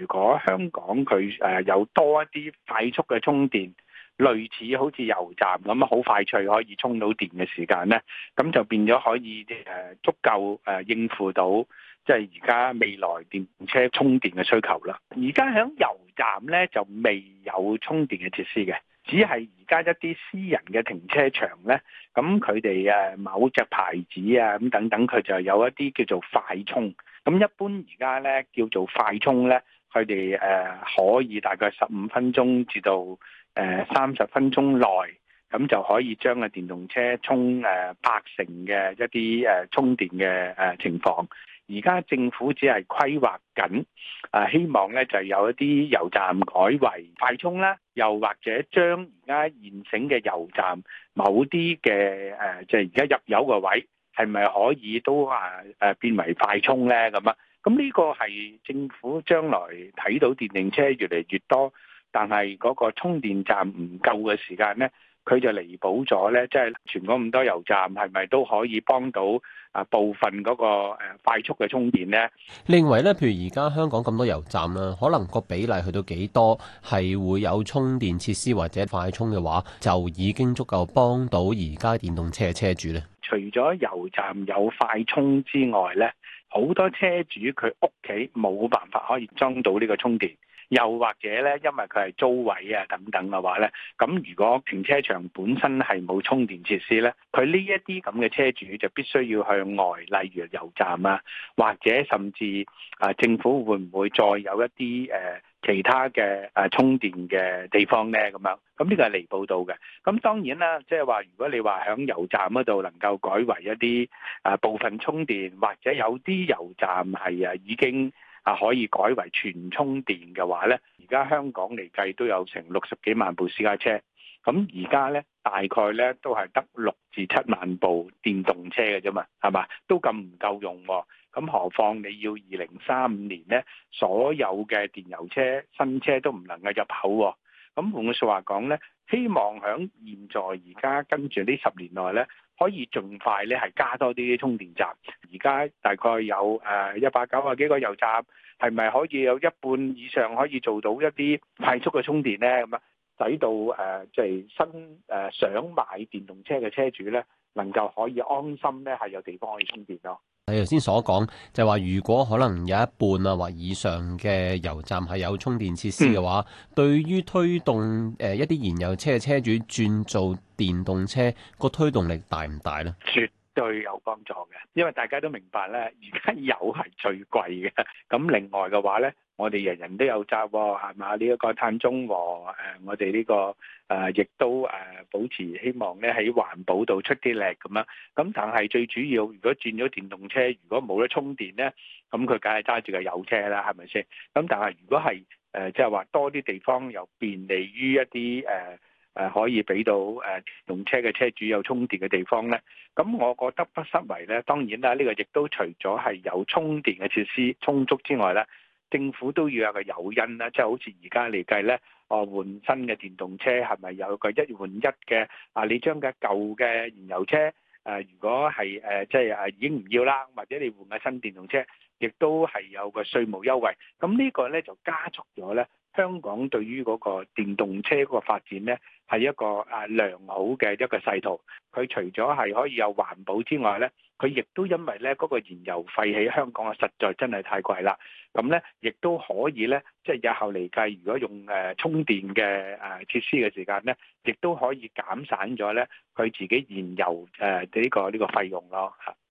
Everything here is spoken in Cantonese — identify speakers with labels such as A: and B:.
A: 如果香港佢誒有多一啲快速嘅充電，類似好似油站咁好快脆可以充到電嘅時間呢，咁就變咗可以誒足夠誒應付到即係而家未來電車充電嘅需求啦。而家響油站呢，就未有充電嘅設施嘅，只係而家一啲私人嘅停車場呢，咁佢哋誒某隻牌子啊咁等等，佢就有一啲叫做快充。咁一般而家呢叫做快充呢。佢哋誒可以大概十五分鐘至到誒三十分鐘內，咁就可以將個電動車充誒八成嘅一啲誒充電嘅誒情況。而家政府只係規劃緊，啊希望咧就有一啲油站改為快充啦，又或者將而家現成嘅油站某啲嘅誒，即係而家入油個位，係咪可以都啊誒變為快充咧？咁啊？咁呢個係政府將來睇到電動車越嚟越多，但係嗰個充電站唔夠嘅時間呢，佢就彌補咗呢，即係全港咁多油站，係咪都可以幫到啊？部分嗰個誒快速嘅充電呢？
B: 另外呢，譬如而家香港咁多油站啦，可能個比例去到幾多係會有充電設施或者快充嘅話，就已經足夠幫到而家電動車嘅車主呢，
A: 除咗油站有快充之外呢。好多車主佢屋企冇辦法可以裝到呢個充電，又或者呢，因為佢係租位啊等等嘅話呢，咁如果停車場本身係冇充電設施呢，佢呢一啲咁嘅車主就必須要向外，例如油站啊，或者甚至啊，政府會唔會再有一啲誒？啊其他嘅誒、啊、充電嘅地方呢，咁樣，咁呢個係彌補到嘅。咁當然啦，即係話如果你話喺油站嗰度能夠改為一啲誒、啊、部分充電，或者有啲油站係啊已經啊可以改為全充電嘅話呢，而家香港嚟計都有成六十幾萬部私家車。咁而家呢，大概呢都係得六至七萬部電動車嘅啫嘛，係嘛？都咁唔夠用喎、哦。咁何況你要二零三五年呢，所有嘅電油車新車都唔能夠入口、哦。咁換句説話講呢，希望響現在而家跟住呢十年內呢，可以盡快呢係加多啲啲充電站。而家大概有誒一百九啊幾個油站，係咪可以有一半以上可以做到一啲快速嘅充電呢？咁樣。使到誒，即係新誒想買電動車嘅車主咧，能夠可以安心咧，係有地方可以充電咯。
B: 你頭先所講就係話，如果可能有一半啊或以上嘅油站係有充電設施嘅話， 對於推動誒一啲燃油車嘅車主轉做電動車個推動力大唔大咧？
A: 最有幫助嘅，因為大家都明白咧，而家油係最貴嘅。咁另外嘅話咧，我哋人人都有責喎、喔，係嘛？呢、這、一個碳中和，誒、呃，我哋呢、這個誒，亦、呃、都誒、呃，保持希望咧喺環保度出啲力咁樣。咁但係最主要，如果轉咗電動車，如果冇得充電咧，咁佢梗係揸住個油車啦，係咪先？咁但係如果係誒，即係話多啲地方又便利於一啲誒。呃誒、啊、可以俾到誒、啊、用車嘅車主有充電嘅地方呢。咁我覺得不失為呢，當然啦，呢、這個亦都除咗係有充電嘅設施充足之外呢，政府都要有個誘因啦。即、就、係、是、好似而家嚟計呢，我、啊、換新嘅電動車係咪有個一換一嘅？啊，你將嘅舊嘅燃油車。誒，如果係誒，即係誒已經唔要啦，或者你換個新電動車，亦都係有個稅務優惠。咁呢個咧就加速咗咧，香港對於嗰個電動車個發展咧係一個誒良好嘅一個勢頭。佢除咗係可以有環保之外咧。佢亦都因為咧嗰、那個燃油費喺香港啊，實在真係太貴啦。咁咧，亦都可以咧，即係日後嚟計，如果用誒、呃、充電嘅誒、呃、設施嘅時間咧，亦都可以減省咗咧佢自己燃油誒呢、呃這個呢、這個費用咯嚇。